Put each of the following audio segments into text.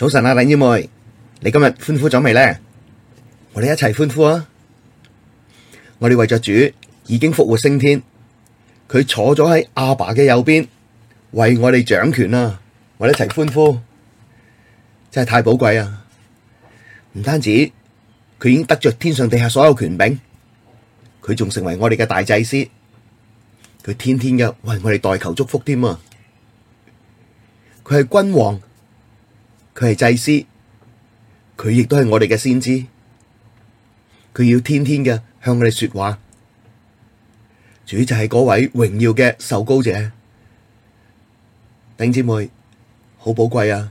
早晨啊，林姐妹，你今日歡呼咗未咧？我哋一齊歡呼啊！我哋為着主已經復活升天，佢坐咗喺阿爸嘅右邊，為我哋掌權啦！我哋一齊歡呼，真係太寶貴啊！唔單止佢已經得着天上地下所有權柄，佢仲成為我哋嘅大祭司，佢天天嘅為我哋代求祝福添啊！佢係君王。佢係祭司，佢亦都係我哋嘅先知，佢要天天嘅向我哋說話。主就係嗰位榮耀嘅受膏者，弟兄姊妹，好寶貴啊！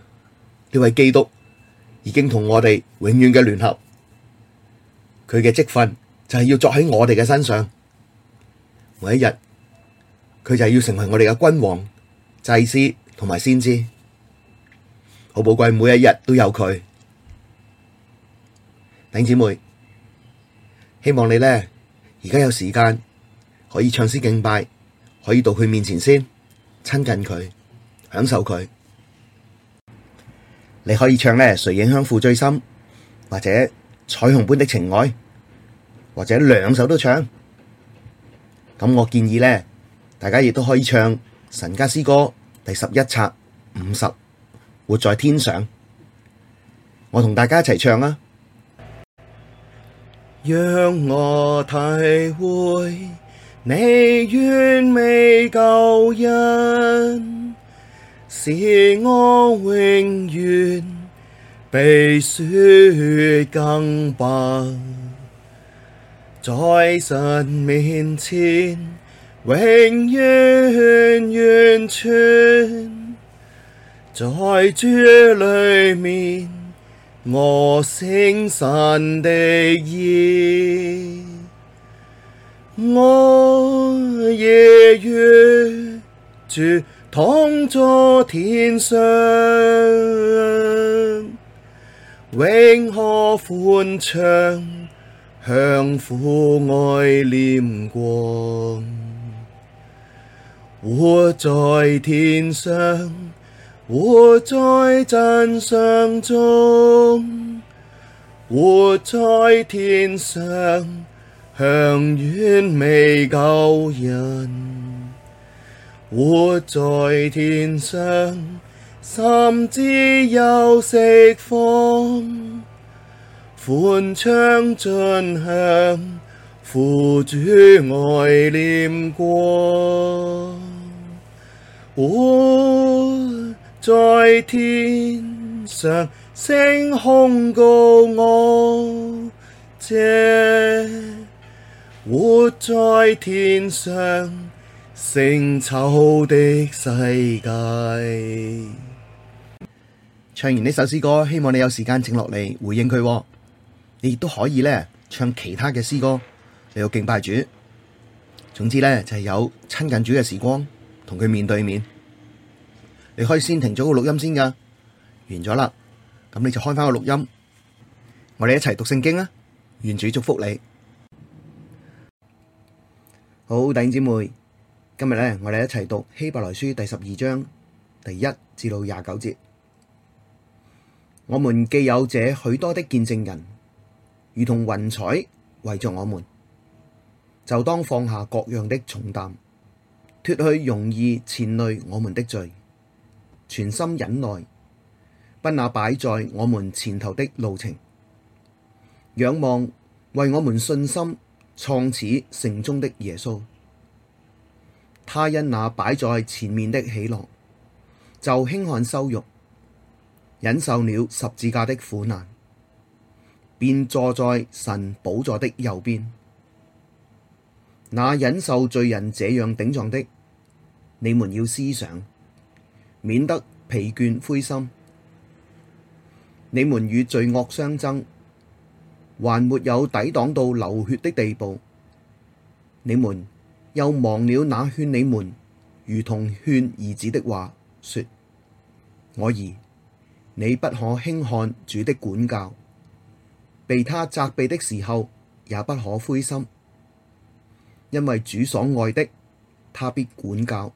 呢位基督已經同我哋永遠嘅聯合，佢嘅職分就係要作喺我哋嘅身上。每一日，佢就係要成為我哋嘅君王、祭司同埋先知。好寶貴，每一日都有佢，頂姐妹，希望你呢而家有時間可以唱詩敬拜，可以到佢面前先親近佢，享受佢。你可以唱呢「誰影響負最深」，或者彩虹般的情愛，或者兩首都唱。咁我建議呢，大家亦都可以唱神家詩歌第十一冊五十。活在天上，我同大家一齊唱啊！讓我體會祢完美救恩，使我永遠比雪更白，在神面前永遠完全。在主裡面，我成神的義，我已與主同坐在天上，永可歡暢享父愛臉光，活在天上。活在真相中，活在天上，享完美救恩。活在天上，心自由釋放，歡暢盡享父、主愛臉光。在天上勝控告惡者，活在天上勝仇敵、世界。唱完呢首詩歌，希望你有時間靜落嚟回應佢。你亦都可以咧唱其他嘅詩歌嚟到敬拜主。總之咧就係有親近主嘅時光，同佢面對面。你可以先停咗個錄音先噶，完咗啦，咁你就開返個錄音，我哋一齊讀聖經啊。願主祝福你，好弟兄姊妹，今日咧，我哋一齊讀希伯來書第十二章第一至到廿九節。我們既有這許多的見證人，如同雲彩圍着我們，就當放下各樣的重擔，脫去容易纏累我們的罪。存心忍耐，奔那擺在我們前頭的路程，仰望為我們信心創始成終的耶穌。他因那擺在前面的喜樂，就輕看羞辱，忍受了十字架的苦難，便坐在神寶座的右邊。那忍受罪人這樣頂撞的，你們要思想。免得疲倦灰心，你們與罪惡相爭，還沒有抵擋到流血的地步。你們又忘了那勸你們如同勸兒子的話，說，我兒，你不可輕看主的管教，被他責備的時候，也不可灰心，因為主所愛的，他必管教。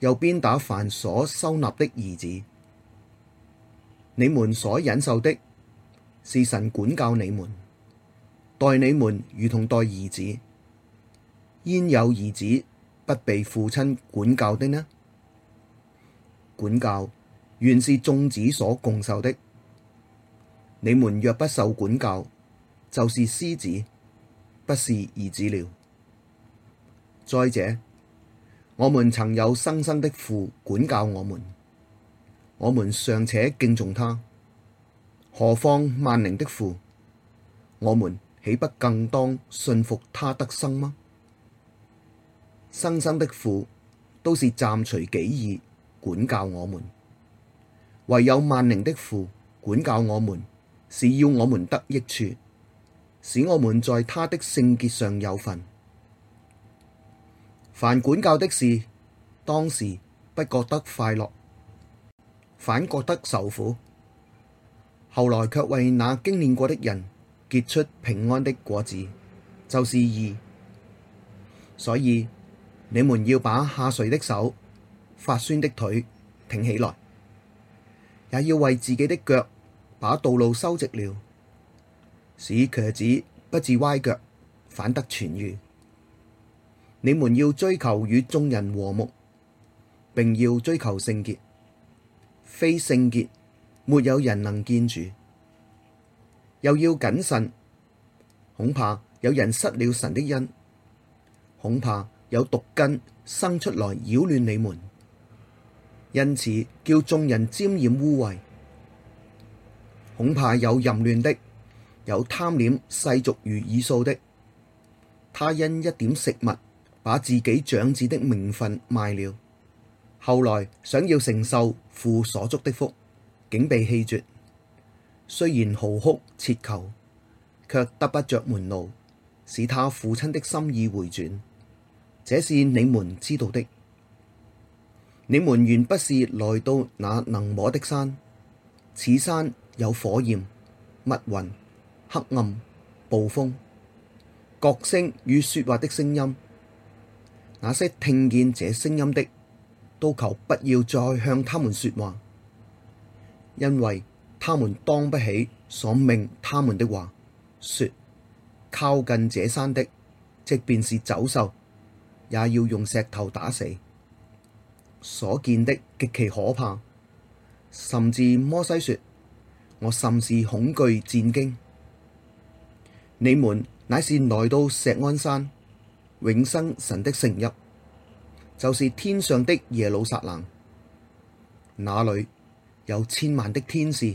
又鞭打凡所收納的兒子，你們所忍受的，是神管教你們，待你們如同待兒子，焉有兒子不被父親管教的呢？管教原是眾子所共受的，你們若不受管教，就是私子，不是兒子了。再者，我們曾有生身的父管教我們，我們尚且敬重他，何況萬靈的父，我們豈不更當信服他得生嗎？生身的父都是暫隨己意管教我們，唯有萬靈的父管教我們，是要我們得益處，使我們在他的聖潔上有份。凡管教的事，當時不覺得快樂，反覺得愁苦；後來卻為那經練過的人結出平安的果子，就是義。所以你們要把下垂的手、發酸的腿挺起來，也要為自己的腳把道路修直了，使瘸子不致歪腳，反得痊癒。你們要追求與眾人和睦，並要追求聖潔。非聖潔，沒有人能見主；又要謹慎，恐怕有人失了神的恩，恐怕有毒根生出來擾亂你們，因此叫眾人沾染污穢，恐怕有淫亂的，有貪戀世俗如以掃的，他因一點食物。把自己長子的名分賣了，後來想要承受父所祝的福，竟被棄絕。雖然號哭切求，卻得不着門路，使他父親的心意回轉。這是你們知道的。你們原不是來到那能摸的山，此山有火焰、密雲、黑暗、暴風、角聲與說話的聲音。那些聽見這聲音的，都求不要再向他們説話，因為他們當不起所命他們的話。説靠近這山的，即便是走獸，也要用石頭打死。所見的極其可怕，甚至摩西説：我甚是恐懼戰兢。你們乃是來到錫安山，永生神的城邑，就是天上的耶路撒冷，那裡有千萬的天使，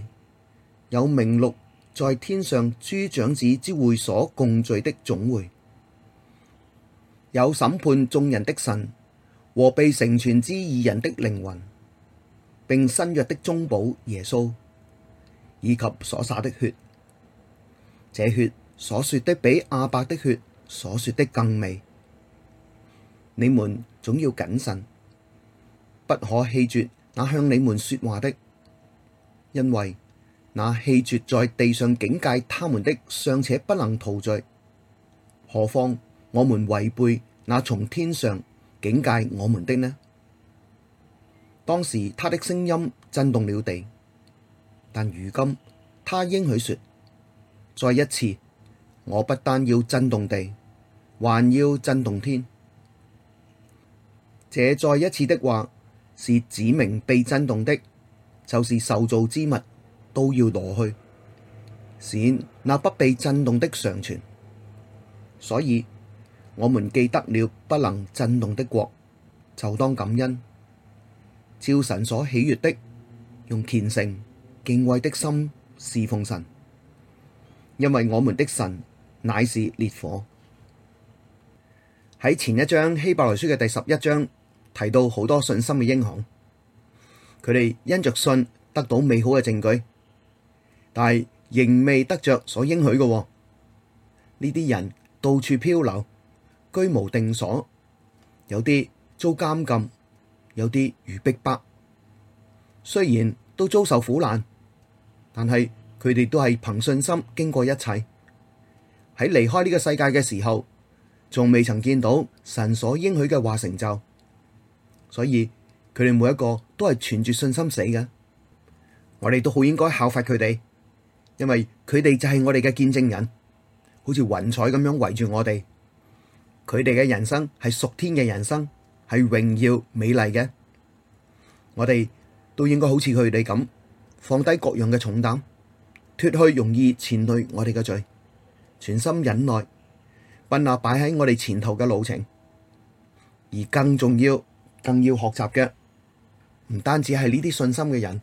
有名錄在天上諸長子之會所共聚的總會，有審判眾人的神和被成全之義人的靈魂，並新約的中保耶穌，以及所灑的血，這血所說的比亞伯的血所說的更美。你們總要謹慎，不可棄絕那向你們說話的，因為那棄絕在地上警戒他們的，尚且不能逃罪，何況我們違背那從天上警戒我們的呢？當時他的聲音震動了地，但如今他應許說：再一次，我不單要震動地，還要震動天。這再一次的話，是指明被震動的，就是受造之物都要挪去，使那不被震動的常存。所以，我們既得了不能震動的國，就當感恩，照神所喜悦的，用虔誠敬畏的心侍奉神，因為我們的神乃是烈火。喺前一章希伯來書嘅第十一章。提到好多信心嘅英雄，佢哋因着信得到美好嘅證據，但係仍未得着所應許嘅。哦，呢啲人到處漂流，居無定所，有啲遭監禁，有啲如逼迫。雖然都遭受苦難，但係佢哋都係憑信心經過一切。喺離開呢個世界嘅時候，仲未曾見到神所應許嘅話成就。所以佢哋每一個都係存住信心死嘅，我哋都好應該效法佢哋，因為佢哋就係我哋嘅見證人，好似雲彩咁樣圍住我哋。佢哋嘅人生係屬天嘅人生，係榮耀美麗嘅。我哋都應該好似佢哋咁，放低各樣嘅重擔，脫去容易纏累我哋嘅罪，全心忍耐，奔那擺喺我哋前途嘅路程。而更重要。更要學習嘅，唔單止係呢啲信心嘅人，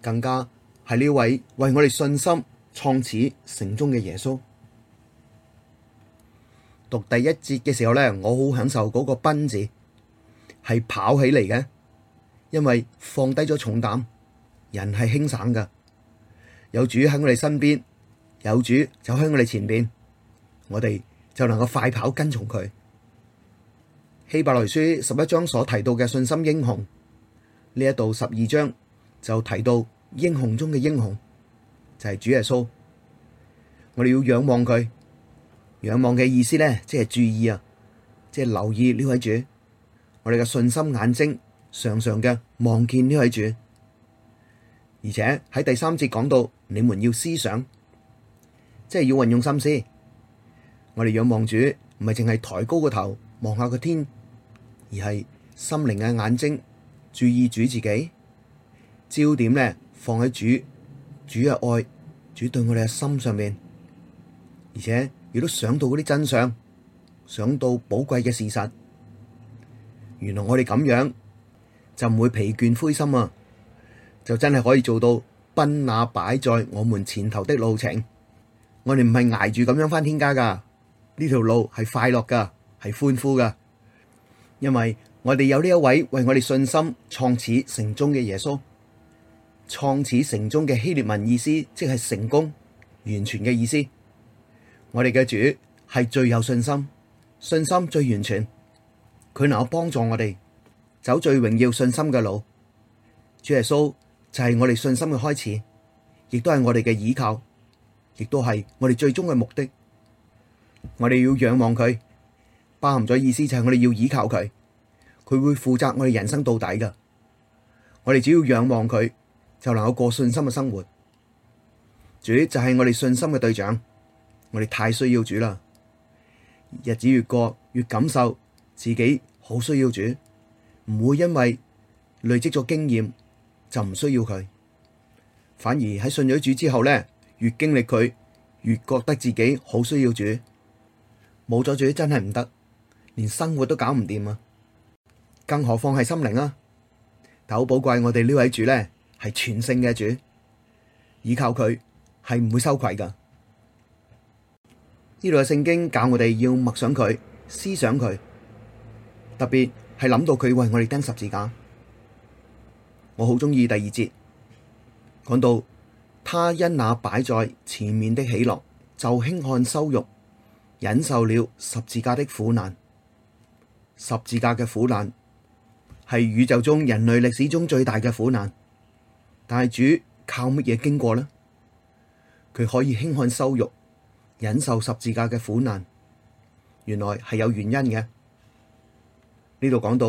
更加係呢位為我哋信心創始成終嘅耶穌。讀第一節嘅時候咧，我好享受嗰個奔字係跑起嚟嘅，因為放低咗重擔，人係輕省噶。有主喺我哋身邊，有主就喺我哋前邊，我哋就能夠快跑跟從佢。希伯來書十一章所提到嘅信心英雄，呢一度十二章就提到英雄中嘅英雄，就係主耶穌。我哋要仰望佢，仰望嘅意思咧，即係注意啊，即係留意呢位主，我哋嘅信心眼睛常常嘅望見呢位主。而且喺第三節講到，你們要思想，即係要運用心思，我哋仰望主，唔係淨係抬高個頭。望下個天，而係心靈嘅眼睛，注意主自己，焦點呢，放喺主，主嘅愛，主對我哋嘅心上面，而且亦都想到嗰啲真相，想到寶貴嘅事實。原來我哋咁樣就唔會疲倦灰心啊！就真係可以做到奔那擺在我們前頭的路程。我哋唔係捱住咁樣返天家㗎，呢條路係快樂㗎。係歡呼㗎，因為我哋有呢一位為我哋信心創始成終嘅耶穌，創始成終嘅希臘文意思即係成功完全嘅意思。我哋嘅主係最有信心，信心最完全，佢能夠幫助我哋走最榮耀信心嘅路。主耶穌就係我哋信心嘅開始，亦都係我哋嘅依靠，亦都係我哋最終嘅目的。我哋要仰望佢。包含咗意思就係我哋要依靠佢，佢會負責我哋人生到底㗎。我哋只要仰望佢，就能夠過信心嘅生活。主就係我哋信心嘅對象，我哋太需要主啦。日子越過，越感受自己好需要主，唔會因為累積咗經驗就唔需要佢，反而喺信咗主之後咧，越經歷佢越覺得自己好需要主，冇咗主真係唔得。連生活都搞唔掂啊，更何況係心靈啊！但好寶貴，我哋呢位主呢，係全勝嘅主，依靠佢係唔會羞愧噶。呢度嘅聖經教我哋要默想佢，思想佢，特別係諗到佢為我哋釘十字架。我好鍾意第二節講到，他因那擺在前面的喜樂，就輕看羞辱，忍受了十字架的苦難。十字架嘅苦難係宇宙中人類歷史中最大嘅苦難，但係主靠乜嘢經過呢？佢可以輕看羞辱，忍受十字架嘅苦難，原來係有原因嘅。呢度講到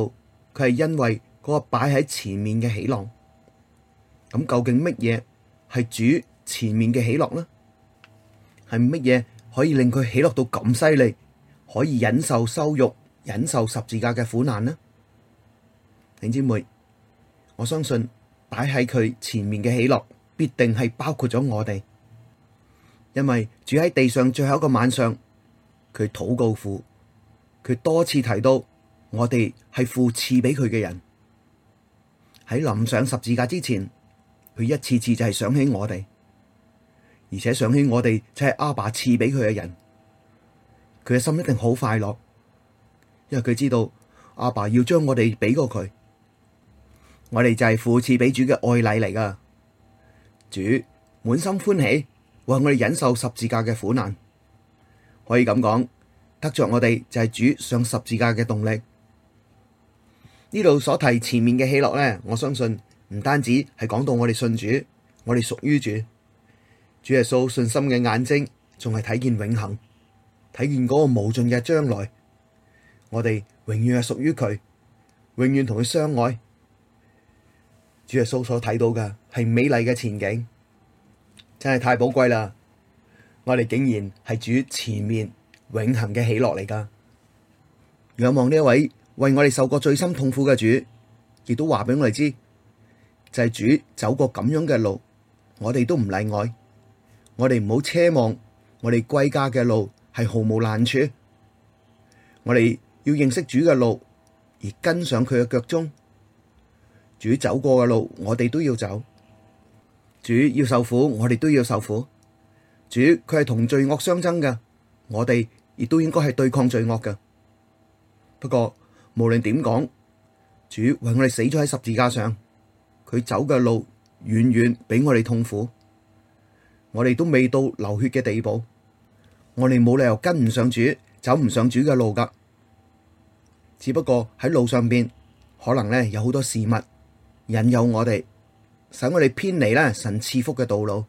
佢係因為嗰個擺喺前面嘅喜樂。咁究竟乜嘢係主前面嘅喜樂呢？係乜嘢可以令佢喜樂到咁犀利，可以忍受羞辱？忍受十字架嘅苦難呢，弟兄姊妹，我相信擺喺佢前面嘅喜樂必定係包括咗我哋，因為住喺地上最後一個晚上，佢禱告父，佢多次提到我哋係父賜俾佢嘅人，喺臨上十字架之前，佢一次次就係想起我哋，而且想起我哋就係阿爸賜俾佢嘅人，佢嘅心一定好快樂。因為佢知道阿爸，爸要將我哋俾過佢，我哋就係父賜俾主嘅愛禮嚟噶。主滿心歡喜，為我哋忍受十字架嘅苦難。可以咁講，得着我哋就係主上十字架嘅動力。呢度所提前面嘅喜樂咧，我相信唔單止係講到我哋信主，我哋屬於主，主耶穌信心嘅眼睛仲係睇見永恒，睇見嗰個無盡嘅將來。我哋永遠係屬於佢，永遠同佢相愛。主耶穌所睇到嘅係美麗嘅前景，真係太寶貴啦！我哋竟然係主前面永恆嘅喜樂嚟㗎。仰望呢一位為我哋受過最深痛苦嘅主，亦都話俾我哋知，就係主走過咁樣嘅路，我哋都唔例外。我哋唔好奢望我哋歸家嘅路係毫無難處，我哋，要認識主嘅路，而跟上佢嘅腳蹤。主走過嘅路，我哋都要走；主要受苦，我哋都要受苦。主佢係同罪惡相爭嘅，我哋亦都應該係對抗罪惡嘅。不過無論點講，主為我哋死咗喺十字架上，佢走嘅路遠遠比我哋痛苦。我哋都未到流血嘅地步，我哋冇理由跟唔上主，走唔上主嘅路噶。只不過喺路上邊，可能咧有好多事物引誘我哋，使我哋偏離啦神賜福嘅道路。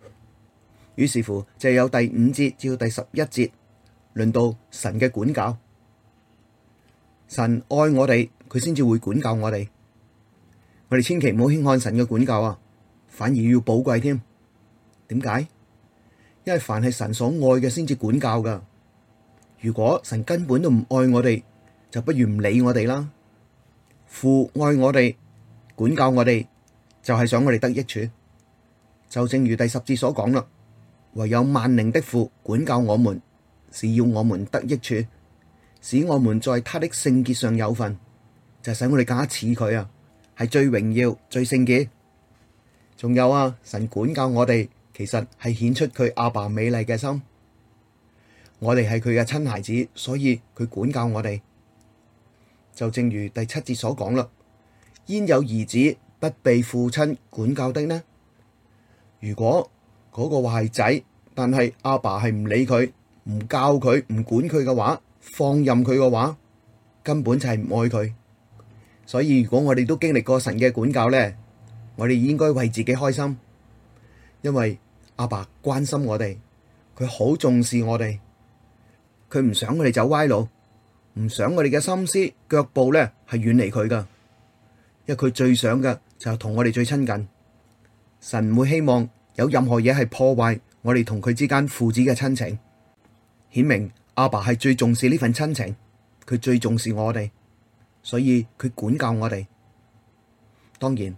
於是乎就有第五節至到第十一節，輪到神嘅管教。神愛我哋，佢先至會管教我哋。我哋千祈唔好輕看神嘅管教啊，反而要寶貴添。點解？因為凡係神所愛嘅，先至管教噶。如果神根本都唔愛我哋，就不如唔理我哋啦。父愛我哋，管教我哋，就係想我哋得益處。就正如第十節所講啦，唯有萬靈的父管教我們，是要我們得益處，使我們在他的聖潔上有份，就使我哋更加似佢啊，係最榮耀、最聖潔。仲有啊，神管教我哋，其實係顯出佢阿爸美麗嘅心。我哋係佢嘅親孩子，所以佢管教我哋。就正如第七節所講啦，焉有兒子不被父親管教的呢？如果嗰個壞仔，但係阿爸係唔理佢、唔教佢、唔管佢嘅話，放任佢嘅話，根本就係唔愛佢。所以如果我哋都經歷過神嘅管教咧，我哋應該為自己開心，因為阿爸關心我哋，佢好重視我哋，佢唔想我哋走歪路。唔想我哋嘅心思，腳步咧係遠離佢噶，因為佢最想嘅就係同我哋最親近。神唔會希望有任何嘢係破壞我哋同佢之間父子嘅親情。顯明阿爸係最重視呢份親情，佢最重視我哋，所以佢管教我哋。當然，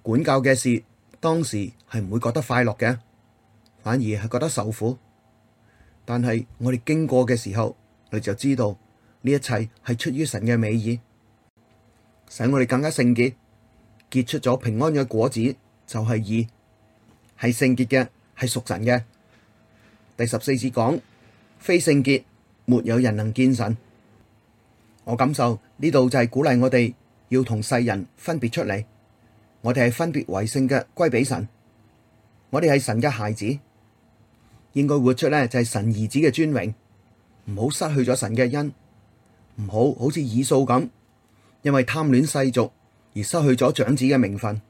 管教嘅事當時係唔會覺得快樂嘅，反而係覺得受苦。但係我哋經過嘅時候，我就知道。呢一切係出於神嘅美意，使我哋更加聖潔，結出咗平安嘅果子就是義是聖，就係義係聖潔嘅，係屬神嘅。第十四節講，非聖潔，沒有人能見神。我感受呢度就係鼓勵我哋要同世人分別出嚟，我哋係分別為聖嘅，歸俾神。我哋係神嘅孩子，應該活出呢就係神兒子嘅尊榮，唔好失去咗神嘅恩。唔好好似以掃咁，因為貪戀世俗而失去咗長子嘅名分。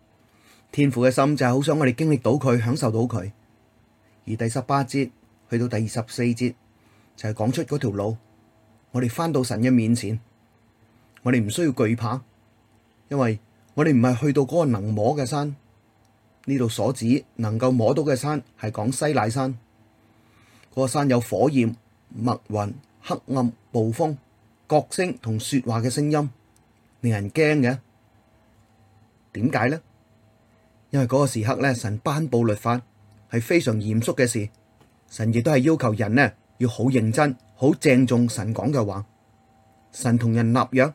天父嘅心就係好想我哋經歷到佢，享受到佢。而第十八節去到第二十四節就係、是、講出嗰條路，我哋返到神嘅面前，我哋唔需要懼怕，因為我哋唔係去到嗰個能摸嘅山，呢度所指能夠摸到嘅山係講西乃山嗰、那個山有火焰、密雲、黑暗、暴風。角聲同說話嘅聲音令人驚嘅，點解呢？因為嗰個時刻呢，神頒布律法係非常嚴肅嘅事，神亦都係要求人呢要好認真、好鄭重神講嘅話。神同人立約，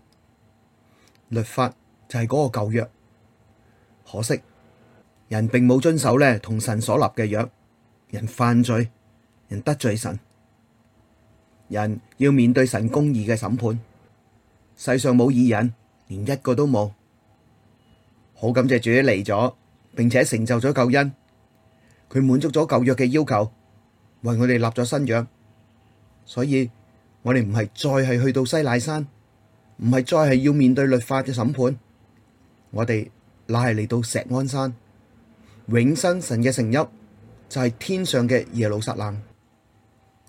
律法就係嗰個舊約。可惜人並冇遵守呢同神所立嘅約，人犯罪，人得罪神。人要面對神公義嘅審判，世上冇義人，連一個都冇。好感謝主嚟咗，並且成就咗救恩，佢滿足咗舊約嘅要求，為我哋立咗新約。所以我哋唔係再係去到西奈山，唔係再係要面對律法嘅審判，我哋乃係嚟到錫安山，永生神嘅城邑就係天上嘅耶路撒冷。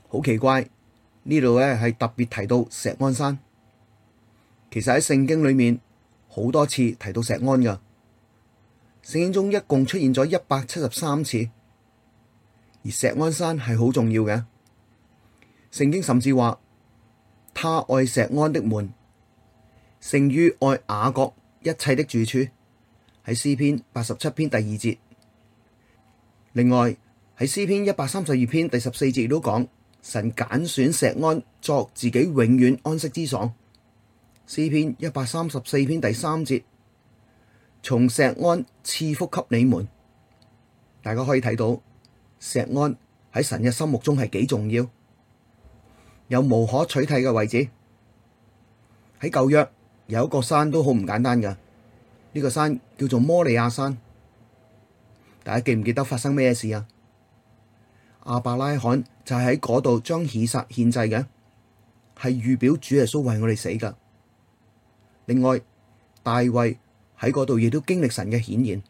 好奇怪！呢度咧係特別提到錫安山，其實喺聖經裏面好多次提到錫安嘅，聖經中一共出現咗一百七十三次，而錫安山係好重要嘅。聖經甚至話，他愛錫安的門，勝於愛雅各一切的住處，喺詩篇八十七篇第二節。另外喺詩篇一百三十二篇第十四節亦都講。神揀選錫安作自己永遠安息之爽，詩篇一百三十四篇第三節，從錫安賜福給你們。大家可以睇到錫安喺神嘅心目中係幾重要，有無可取替嘅位置。喺舊約有一個山都好唔簡單噶，呢、這個山叫做摩利亞山。大家記唔記得發生咩事啊？亞伯拉罕就喺嗰度將以撒獻祭嘅，係預表主耶穌為我哋死噶。另外，大衛喺嗰度亦都經歷神嘅顯現，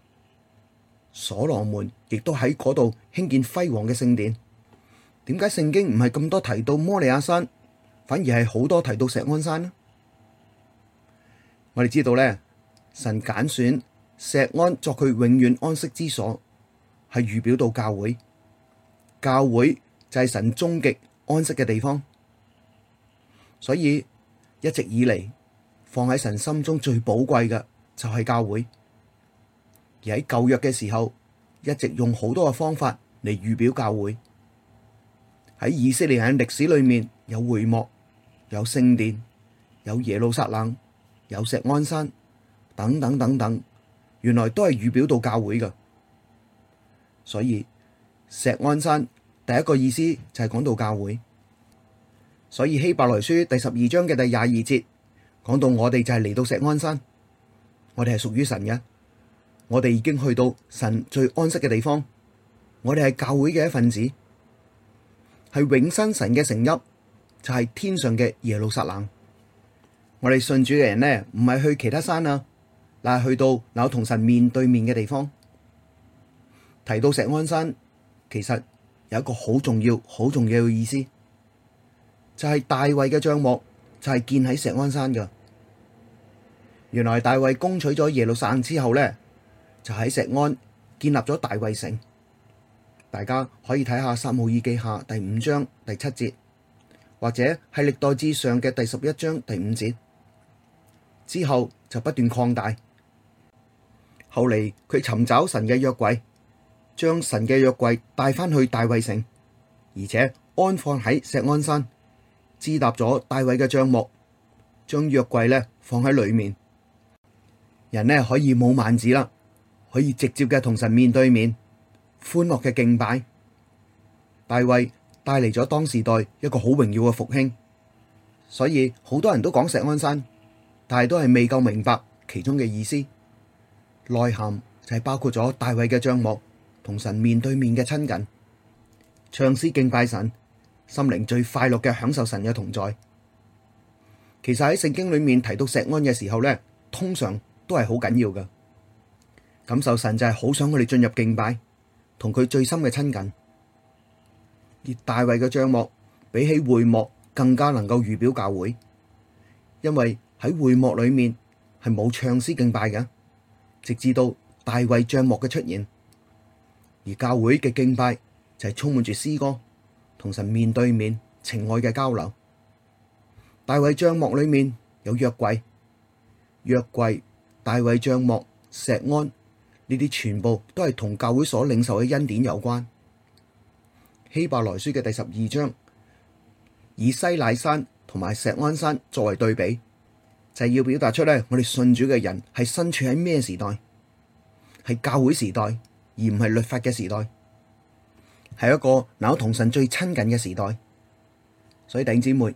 所羅門亦都喺嗰度興建輝煌嘅聖殿。點解聖經唔係咁多提到摩利亞山，反而係好多提到錫安山呢？我哋知道咧，神揀選錫安作佢永遠安息之所，係預表到教會。教會就係神終極安息嘅地方，所以一直以嚟放喺神心中最寶貴嘅就係教會，而喺舊約嘅時候，一直用好多嘅方法嚟預表教會。喺以色列人歷史裏面，有會幕、有聖殿、有耶路撒冷、有錫安山等等等等，原來都係預表到教會嘅，所以。錫安山第一個意思就係講到教會，所以希伯來書第十二章嘅第二十二節講到我哋就係嚟到錫安山，我哋係屬於神嘅，我哋已經去到神最安息嘅地方，我哋係教會嘅一份子，係永生神嘅城邑，就係天上嘅耶路撒冷。我哋信主嘅人呢，唔係去其他山啊，但係去到嗱同神面對面嘅地方，提到錫安山，其實有一個好重要、好重要嘅意思，就係、是、大衛嘅帳幕就係建喺錫安山噶。原來大衛攻取咗耶路撒冷之後呢，就喺錫安建立咗大衛城。大家可以睇下《撒母耳記下》第五章第七節，或者係《歷代志上》嘅第十一章第五節。之後就不斷擴大，後嚟佢尋找神嘅約櫃。將神嘅約櫃帶翻去大衛城，而且安放喺錫安山，支搭咗大衛嘅帳幕，將約櫃咧放喺裏面。人咧可以冇幔子啦，可以直接嘅同神面對面歡樂嘅敬拜。大衛帶嚟咗當時代一個好榮耀嘅復興，所以好多人都講錫安山，但係都係未夠明白其中嘅意思內涵，就係包括咗大衛嘅帳幕。同神面對面嘅親近，唱詩敬拜神，心靈最快樂嘅享受神嘅同在。其實喺聖經裏面提到錫安嘅時候呢，通常都係好緊要㗎。感受神就係好想我哋進入敬拜，同佢最深嘅親近。而大衛嘅帳幕比起會幕更加能夠預表教會，因為喺會幕裏面係冇唱詩敬拜嘅，直至到大衛帳幕嘅出現。而教會嘅敬拜就係充滿住詩歌，同神面對面，情愛嘅交流。大衛帳幕裏面有約櫃、約櫃、大衛帳幕、錫安呢啲全部都係同教會所領受嘅恩典有關。希伯來書嘅第十二章以西乃山同埋錫安山作為對比，就係、是、要表達出嚟我哋信主嘅人係身處喺咩時代？係教會時代。而唔係律法嘅時代，係一個能同神最親近嘅時代。所以弟姐妹，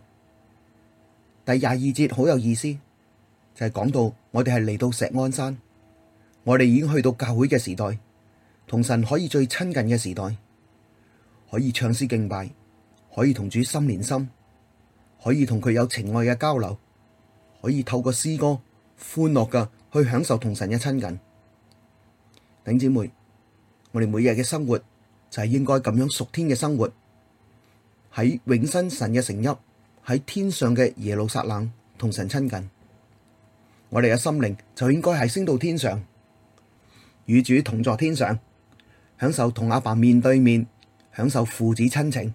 第廿二節好有意思，就係、是、講到我哋係嚟到錫安山，我哋已經去到教會嘅時代，同神可以最親近嘅時代，可以唱詩敬拜，可以同主心連心，可以同佢有情愛嘅交流，可以透過詩歌歡樂嘅去享受同神嘅親近，弟姐妹。我哋每日嘅生活就係應該咁樣屬天嘅生活，喺永生神嘅城邑，喺天上嘅耶路撒冷同神親近。我哋嘅心靈就應該係升到天上，與主同坐天上，享受同阿爸面對面，享受父子親情，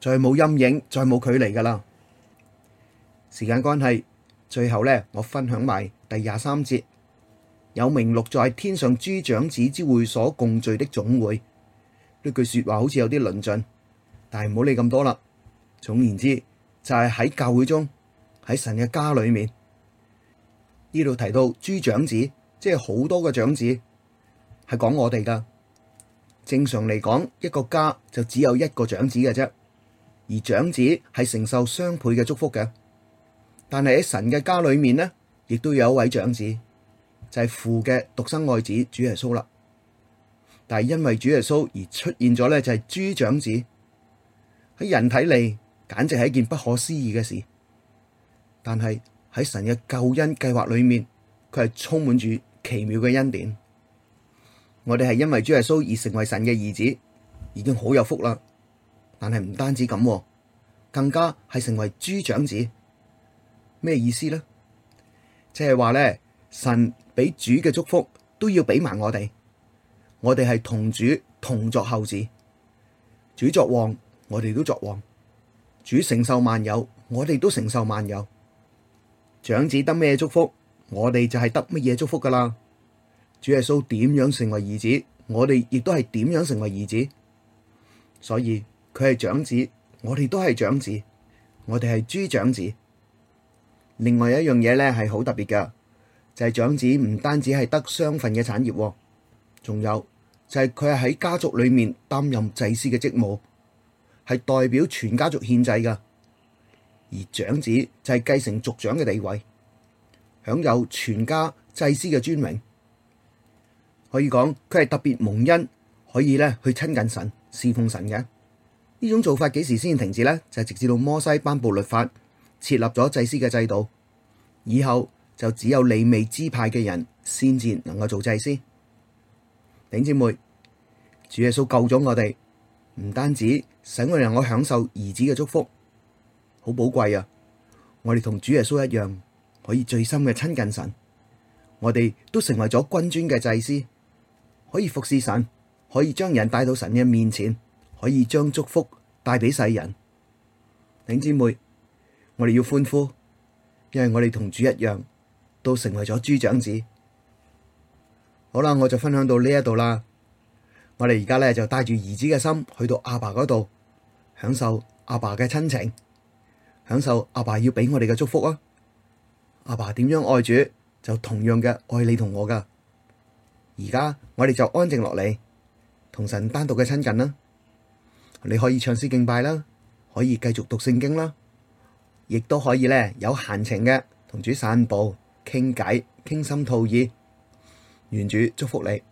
再冇陰影，再冇距離噶啦。時間關係，最後咧，我分享埋第廿三節。有名錄在天上諸長子之會所共聚的總會，呢句說話好似有啲論盡，但係唔好理咁多啦。總言之，就係喺教會中，喺神嘅家裏面，呢度提到諸長子，即係好多個長子係講我哋噶。正常嚟講，一個家就只有一個長子嘅啫，而長子係承受雙倍嘅祝福嘅。但係喺神嘅家裏面呢，亦都有一位長子。就係父嘅獨生愛子主耶穌啦，但係因為主耶穌而出現咗咧，就係諸長子喺人體嚟，簡直係一件不可思議嘅事。但係喺神嘅救恩計劃裏面，佢係充滿住奇妙嘅恩典。我哋係因為主耶穌而成為神嘅兒子，已經好有福啦。但係唔單止咁，更加係成為諸長子，咩意思咧？即係話咧，神。俾主嘅祝福都要俾埋我哋，我哋係同主同作後子，主作王我哋都作王，主承受萬有我哋都承受萬有，長子得咩祝福，我哋就係得乜嘢祝福噶啦。主耶穌點樣成為兒子，我哋亦都係點樣成為兒子，所以佢係長子，我哋都係長子，我哋係諸長子。另外一樣嘢咧係好特別噶。係長子唔單止係得雙份嘅產業，仲有就係佢係喺家族裏面擔任祭司嘅職務，係代表全家族獻祭噶。而長子就係繼承族長嘅地位，享有全家祭司嘅尊榮。可以講佢係特別蒙恩，可以咧去親近神、侍奉神嘅。呢種做法幾時先至停止呢？就係、是、直至到摩西頒布律法，設立咗祭司嘅制度以後。就只有利未支派嘅人先至能夠做祭司。頂姐妹，主耶穌救咗我哋，唔單止使我哋能夠享受兒子嘅祝福，好寶貴啊！我哋同主耶穌一樣，可以最深嘅親近神，我哋都成為咗君尊嘅祭司，可以服侍神，可以將人帶到神嘅面前，可以將祝福帶俾世人。頂姐妹，我哋要歡呼，因為我哋同主一樣，都成為咗諸長子。好啦，我就分享到呢一度啦。我哋而家咧就帶住兒子嘅心去到阿爸嗰度，享受阿爸嘅親情，享受阿爸要俾我哋嘅祝福啊！阿爸點樣愛主，就同樣嘅愛你同我噶。而家我哋就安靜落嚟，同神單獨嘅親近啦。你可以唱詩敬拜啦，可以繼續讀聖經啦，亦都可以咧有閒情嘅同主散步。傾偈傾心吐意，願主祝福你。